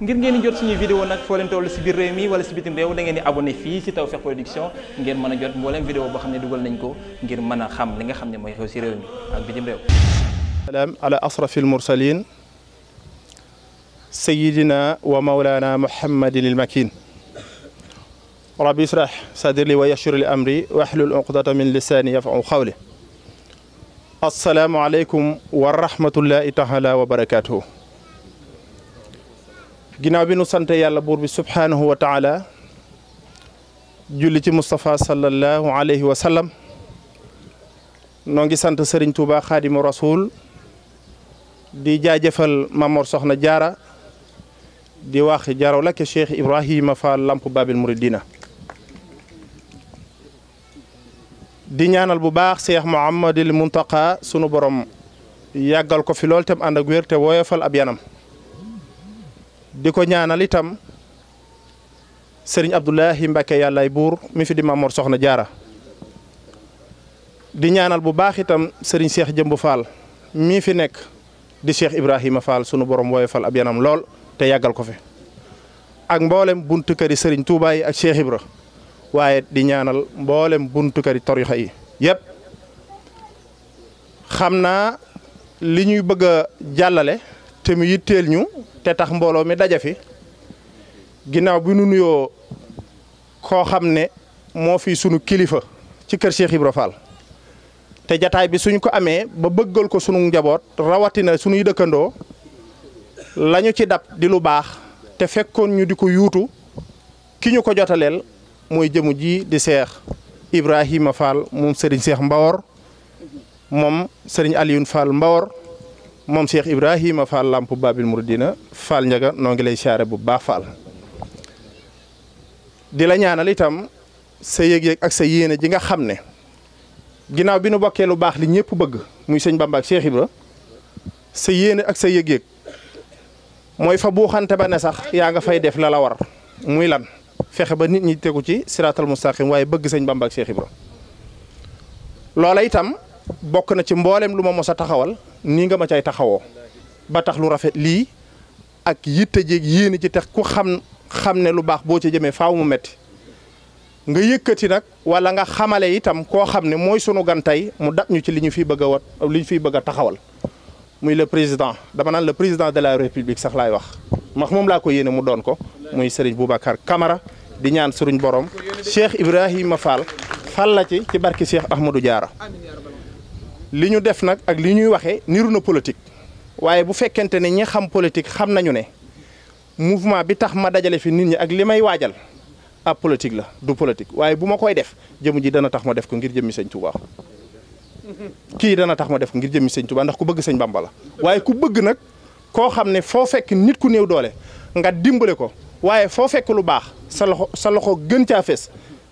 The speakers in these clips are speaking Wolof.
ngir ngeen di jot suñuy vidéo nag foo leen toll si biir réew mi wala si bitim réew da ngeen di abonné fii si Tawfekh Production ngeen mën a jot mbooleem vidéo boo xam ne dugal nañ ko ngir mën a xam li nga xam ne mooy xew si réew mi ak bitim réew salaam ala asrafil mursalin sayidina wa maulana muhammadin il makin rabbi israh sadri wa yashur li amri wahlul uqdata min lisani yafqahu qawli assalaamu aleykum wa rahmatullahi taala ginnaaw bi nu sante yàlla buur bi subhaanahu wa taala julli ci Moustapha sallallahu alayhi wa sallam noo ngi sant Serigne Touba Khadimu Rasoul di jaajëfal Mamor Soxna Jaara di wax jaraw la ke Cheikh Ibrahima Fall Lamp Babil Mouridina di ñaanal bu baax Cheikh Mouhamadil Mountakha sunu borom yàggal ko fi lool tam ànd ak wér te woyofal ab yanam di ko ñaanal itam sëriñ Abdoulahi Mbacke yàllaay buur mi fi di Mamor Soxna Jaara di ñaanal bu baax itam sëriñ Cheikh Jëmb Fall mii fi nekk di Cheikh Ibrahima Fall sunu borom wooye Fall ab yanam lool te yàggal ko fi ak mboolem buntu sëriñ Touba ak Cheikh Ibra waaye di ñaanal mboolem buntu këri tarixa yi xam naa li ñuy bëgg a jàllale. te mu yitteel ñu te tax mbooloo mi daja fi ginnaaw bi nu nuyoo koo xam ne moo fi sunu kilifa ci kër Cheikh Ibra te jataay bi suñ ko amee ba bëggal ko sunu njaboot rawatina sunuy dëkkandoo lañu ci dab di lu baax te fekkoon ñu di ko yuutu ki ñu ko jotaleel mooy jëmu ji di Cheikh Ibrahima Fall moom Serigne Cheikh Mbawor moom Serigne Alioune Fall Mbawor moom Cheikh Ibrahima Fall Lamp Babil Mouridina Fall Ndiaga noo ngi lay siyaare bu baax Fall di la ñaanal itam sa yëg-yëg ak sa yéene ji nga xam ne ginnaaw bi nu bokkee lu baax li ñëpp bëgg muy sëñ Bamba ak Cheikh Ibra sa yéene ak sa yëg-yëg mooy fa buuxante ba ne sax yaa nga fay def la la war muy lan fexe ba nit ñi tegu ci mu mustaqim waaye bëgg sëñ Bamba ak Cheikh loola itam. bokk na ci mbooleem lu ma mos a taxawal nii nga ma cay taxawoo ba tax lu rafet lii ak yitte jéeg yéene ci tax ku xam xam ne lu baax boo ci jëmee faaw mu metti nga yëkkati nag wala nga xamale itam koo xam ne mooy sunu gan mu dab ñu ci li ñu fiy bëgg a wat li ñu fiy bëgg taxawal muy le président dama naan le président de la république sax laay wax max moom laa ko yéene mu doon ko muy Serigne Boubacar kamara di ñaan suruñ borom Cheikh Ibrahima Fall fal la ci ci barki Cheikh Ahmadou Diarra li ñu def nag ak li ñuy waxee niru na politique waaye bu fekkente ne ñi xam politique xam nañu ne mouvement bi tax ma dajale fi nit ñi ak li may waajal ab politique la du politique waaye bu ma koy def jëm ji dana tax ma def ko ngir jëmmi sëñ Touba kii dana tax ma def ko ngir jëmmi sëñ Touba ndax ku bëgg sëñ Bamba la waaye ku bëgg nag koo xam ne foo fekk nit ku néew doole nga dimbale ko waaye foo fekk lu baax saloxo sa loxo gën caa fees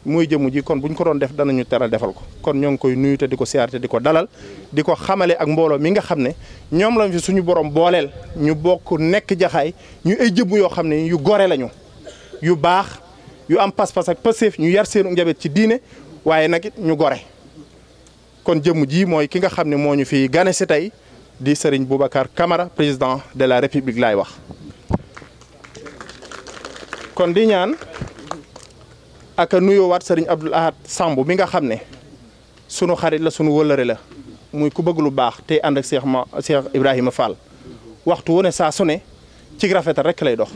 muy jëmu ji kon bu ñu ko doon def danañu teral defal ko kon ñoo ngi koy nuyu te di ko siyaar te di ko dalal di ko xamale ak mbooloo mi nga xam ne ñoom lañ fi suñu borom booleel ñu bokk nekk jaxaay ñu ay jëmm yoo xam ne yu gore lañu yu baax yu am pas-pas ak passeef ñu yar seenu njaboot ci diine waaye nag ñu gore kon jëmm ji mooy ki nga xam ne moo ñu fi gane si tey di Serigne Boubacar Camara président de la République laay wax kon di ñaan ak nuyoo waat sëriñ Abdoul Ahad Samb bi nga xam ne sunu xarit la sunu wëllëre la muy ku bëgg lu baax tey ànd seex Cheikh ma Cheikh Ibrahima Fall waxtu wu ne saa su ne ci rafetal rek lay dox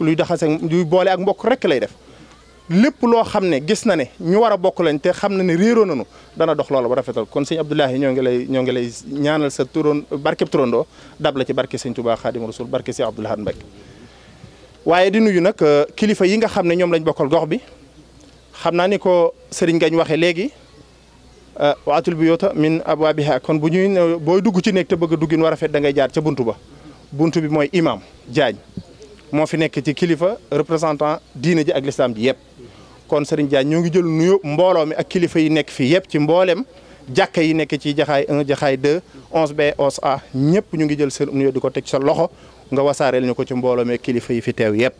luy daxase luy boole ak mbokk rek lay def lépp loo xam ne gis na ne ñu war a bokk lañ te xam na ne réeroo nu dana dox loola ba rafetal kon sëñ Abdoulahi ñoo ngi lay ñoo ngi lay ñaanal sa turoon barkeb turandoo dab la ci barke sëñ Touba Xaadimu Rasul barke sëñ Abdoul Ahad Mbacké waaye di nuyu nag euh, kilifa yi nga xam ne ñoom lañ bokkal gox bi xam naa ni ko sëriñ Ngañ waxee léegi euh, waatul bu yoota min abwaabiha kon bu ñuy booy dugg ci nekk te bëgg a duggin war a fet da ngay jaar ca bunt ba bunt bi mooy imam Diagne moo fi nekk ci kilifa représentant diine ji ak lislaam ji yëpp kon sëriñ Diagne ñu ngi jël nuyu mbooloo mi ak kilifa yi nekk fii yëpp ci mbooleem jàkka yi nekk ci jaxaay 1 jaxaay 2 11 b 11 a ñëpp ñu ngi jël seen nuyu di ko teg sa loxo nga wasaareel ñu ko ci mbooloo mi kilifa yi fi teew yëpp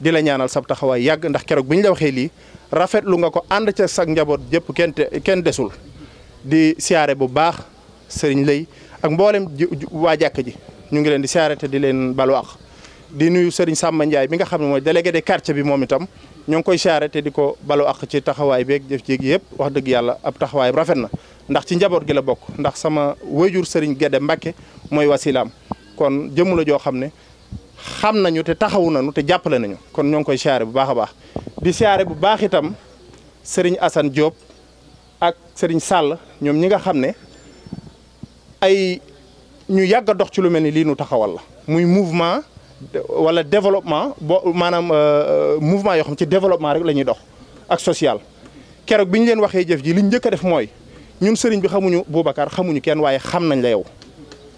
di la ñaanal sab taxawaay yàgg ndax keroog bi ñu la waxee lii rafetlu nga ko ànd ca sag njaboot jëpp kenn kenn desul di siyaare bu baax sëriñ lay ak mboolem waa jàkk ji ñu ngi leen di siyaare te di leen balu àq di nuyu sëriñ Samba Ndiaye mi nga xam ne mooy délégué de quartier bi moom itam ñoo ngi koy siyaare te di ko balu ci taxawaay beeg jëf jéeg yëpp wax dëgg yàlla ab taxawaay rafet na ndax ci njaboot gi la bokk ndax sama wayjur sëriñ Gédé mbake mooy wasilaam kon jëmu joo xam ne xam nañu te taxawu na nu te jàppale nañu kon ñoo ngi koy siyaare bu baax a baax di siyaare bu baax itam sëriñ Assane Diop ak sëriñ sàll ñoom ñi nga xam ne ay ñu yàgg a dox ci lu mel ni lii nu taxawal la muy mouvement wala développement boo maanaam euh, euh, mouvement yoo xam ci développement rek la ñuy dox ak social keroog bi ñu leen waxee jëf ji liñ njëkk def mooy ñun sëriñ bi xamuñu Boubacar xamuñu kenn waaye xam nañ la yow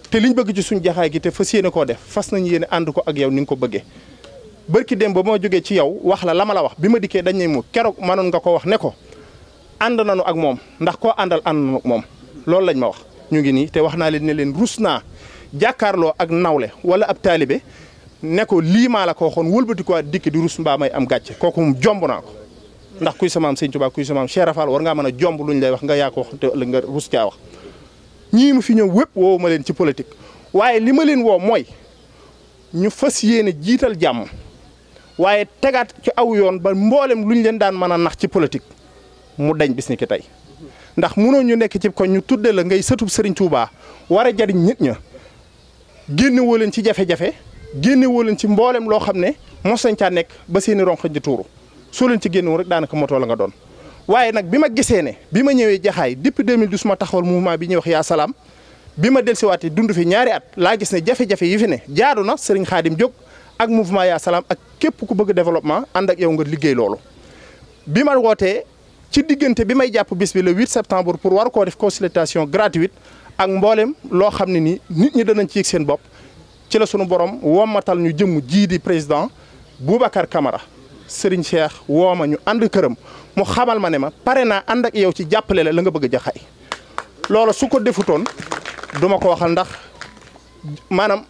te liñ bëgg ci suñu jaxaay gi te fas yéene koo def fas nañ yéene ànd ko ak yow ni nga ko bëggee bërki démb ba moo jógee ci yow wax la la la wax bi ma dikkee dañ ne mu keroog mënoon nga ko wax ne ko ànd nañu ak moom ndax ko àndal ànd nañu ak moom loolu lañ ma wax ñu ngi nii te wax naa leen ne leen rus naa jàkkaarloo ak nawle wala ab taalibe ne ko lii maa la ko waxoon wëlbati ko dikk di rus mbaa may am gàcce kooku moom jomb naa ko ndax kuy samaam sëñ Tuubaa kuy samaam Cheikh Rafal war ngaa mën a jomb luñ lay wax nga yaa ko wax te nga rus caa wax ñii mu fi ñëw wépp woowu ma leen ci politique waaye li ma leen woo mooy ñu fas yéene jiital jàmm waaye tegaat ci aw yoon ba mboolem lu ñu leen daan mën a nax ci politique mu dañ bis ni ki tey ndax mënoo ñu nekk cib koñ ñu tudde la ngay sëtu Serigne Touba war a jariñ nit ña génne woo leen ci jafe-jafe génne woo leen ci mboolem loo xam ne mos nañ caa nekk ba seeni ronq ji tuuru soo leen ci génnewu rek daanaka motoo la nga doon. waaye nag bi ma gisee ne bi ma ñëwee jaxaay depuis 2012 ma taxawal mouvement bi ñuy wax yaa salaam bi ma dellusiwaatee dund fi ñaari at laa gis ne jafe yi fi ne jaadu na Serigne ak mouvement salaam ak. képp ku bëgg développement ànd ak yow nga liggéey loolu bi ma wootee ci diggante bi may jàpp bis bi le 8 septembre pour war koo def consultation gratuite ak mboolem loo xam ne ni nit ñi danañ ci yëg seen bopp ci la sunu borom woomatal ñu jëmm jii di président Boubacar kamara Serigne Cheikh woo ma ñu ànd këram mu xamal ma ne ma pare naa ànd ak yow ci jàppale la la nga bëgg a jaxay loolo su ko defutoon duma ko waxal ndax maanaam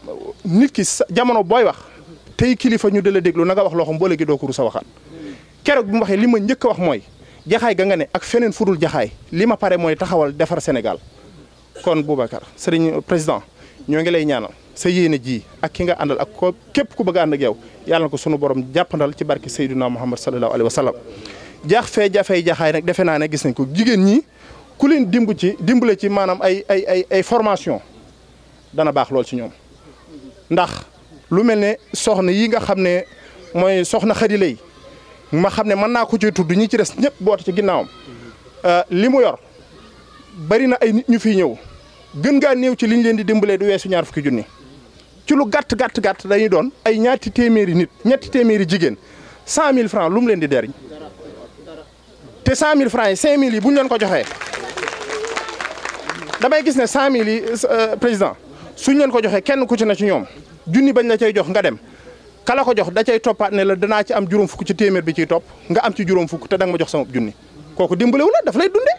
nit ki jamono booy wax. tey kilifa ñu dala déglu nag a wax loo xam boole doo ko rus a waxaat keroog bi mu waxee li ma njëkk a wax mooy jaxaay ga nga ne ak feneen fudul jaxaay li ma pare mooy taxawal defar Sénégal kon Boubacar sëriñ euh, président ñoo ngi lay ñaanal sa yéene ji ak ki nga àndal ak ko képp ku bëgg a ànd ak yow yàlla ko sunu borom jàppandal ci barke Seydina Muhammad sallallahu alayhi wa sallam jaax fee jafey jaxaay nag defe naa ne gis nañ ko jigéen ñi ku leen dimb ci dimbale ci maanaam ay ay ay ay formation dana baax lool ci ñoom ndax lu mel ne soxna yii nga xam ne mooy soxna xarile yi ma xam ne mën naa ko ci tudd ñi ci des ñëpp boot ci ginnaawam euh, li mu yor bari na ay nit ñu fi ñëw gën ngaa néew ci liñ leen di dimbalee du weesu ñaar fukki junni ci lu gàtt gàtt gàtt dañuy doon ay ñaati téeméeri nit ñetti téeméeri jigéen cent mille francs lu mu leen di deriñ te cent mille francs yi cinq mille yi bu ñu leen ko joxee damay gis ne cent mille yi euh, président suñ leen ko joxee kenn ku ci na ci ñoom junni bañ la cay jox nga dem kala ko jox da cay toppaat ne la danaa ci am juróom fukk ci téeméer bi ciy topp nga am ci juróom fukk te danga ma jox sama junni kooku dimbalewu la daf lay dunde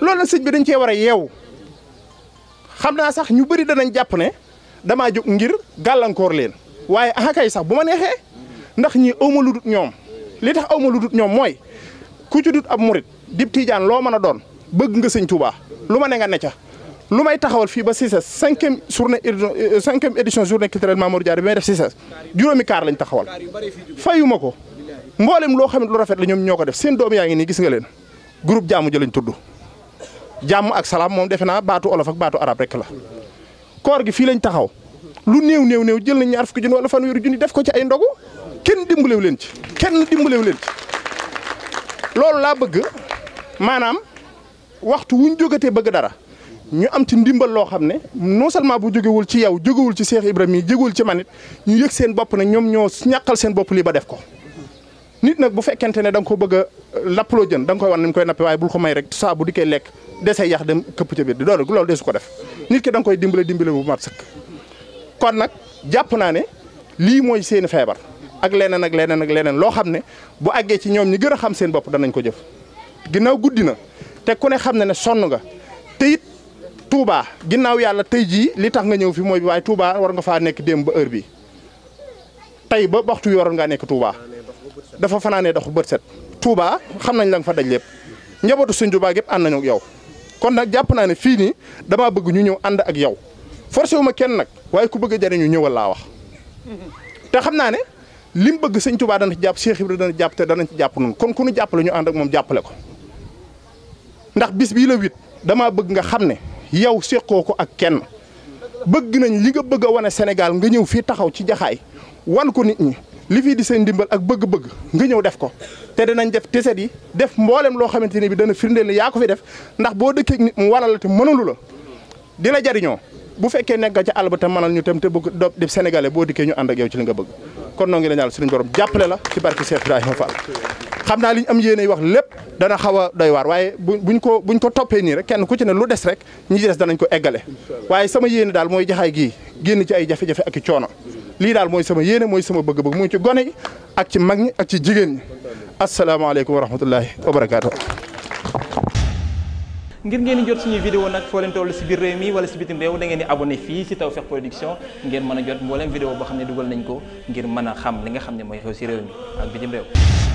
loolu nag sëñ bi dañ cee war a yeewu xam naa sax ñu bëri danañ jàpp ne damaa jóg ngir gàllankoor leen waaye ah kay sax bu ma neexee ndax ñi awma lu dut ñoom li tax awma lu dut ñoom mooy ku ci dut ab murit dib tiijaan loo mën a doon bëgg nga sëñ Tuubaa lu ma ne nga lu may taxawal fii ba Cissé cinquième journée euh, cinquième édition journée culturelle Mamour Diarra bi may def Cissé juróomi kaar lañ taxawal fayu ma ko mboolem loo xam ne lu rafet la ñoom ñoo ko def seen doom yaa ngi nii gis nga leen groupe jàmm ji lañ tudd jàmm ak salaam moom defe naa baatu olof ak baatu arab rek la koor gi fii lañ taxaw lu néew néew néew jël nañ ñaar fukki junni wala fanweeri junni def ko ci ay ndogu kenn dimbalew leen ci kenn dimbalew leen ci loolu laa bëgg maanaam waxtu wuñ jógatee bëgg dara ñu am ci ndimbal loo xam ne non seulement bu jógewul ci yow jógewul ci Cheikh Ibrahima yi jógewul ci manit ñu yëg seen bopp ne ñoom ñoo ñàkkal seen bopp lii ba def ko nit nag bu fekkente ne danga ko bëgg a euh, lappaloo jën danga nga koy wan ni mu koy nappe waaye bul ko may rek saa bu di koy lekk desee yax dem këpp ca biir di doolu loolu desu ko def nit ki da koy dimbale dimbale bu mat sëkk kon nag jàpp naa ne lii mooy seeni feebar ak leneen ak leneen ak leneen loo xam ne bu àggee ci ñoom ñi gën a xam seen bopp danañ ko jëf ginnaaw guddi na te ku ne xam ne ne sonn nga Touba ginnaaw yàlla tey jii li tax nga ñëw fi mooy waaye Touba war nga faa nekk démb ba heure bi tey ba waxtu yoroon ngaa nekk Touba dafa fanaanee dox bët set Touba xam nañ la fa daj lépp njabootu suñ Touba gépp ànd nañu ak yow kon nag jàpp naa ne fii nii damaa bëgg ñu ñëw ànd ak yow forcé wu ma kenn nag waaye ku bëgg a jariñu ñëwal laa wax te xam naa ne lim bëgg sëñ Touba dana jàpp Cheikh Ibra dana jàpp te danañ ci jàpp noonu kon ku ñu jàppale ak moom jàppale ko ndax yow séqoo ko ak kenn bëgg nañ li nga bëgg a wane Sénégal nga ñëw fii taxaw ci jaxaay wan ko nit ñi li fii di seen ndimbal ak bëgg-bëgg nga ñëw def ko te danañ def teset yi def mboolem loo xamante ne bi dana firndeel ne yaa ko fi def ndax boo dëkkee nit mu waral la te mënalu la dina jariñoo bu fekkee nekk nga ca àll ba te mënal ñu tem te bëgg do di sénégalais boo dikkee ñu ànd ak yow ci li nga bëgg kon noo ngi la ñaal suñu borom jàppale la ci barke Cheikh Ibrahima Fall xam naa li ñu am yéene wax lépp dana xaw a doy waar waaye buñ ko buñ ko toppee nii rek kenn ku ci ne lu des rek ñi des danañ ko eggale waaye sama yéene daal mooy jaxaay gii génn ci ay jafe-jafe ak i coono lii daal mooy sama yéene mooy sama bëgg-bëgg mooy ci gone ak ci mag ñi ak ci jigéen ñi asalaamaaleykum wa rahmatullahi wa barakaatu. ngir ngeen di jot suñuy vidéo nag foo leen toll mi wala si bitim réew da ngeen di abonné fii si Tawfekh Production ngeen mën a jot mbooleem vidéo boo xam ne dugal nañ ko ngir mën a xam li nga xam ne mooy xew si réew mi ak bitim réew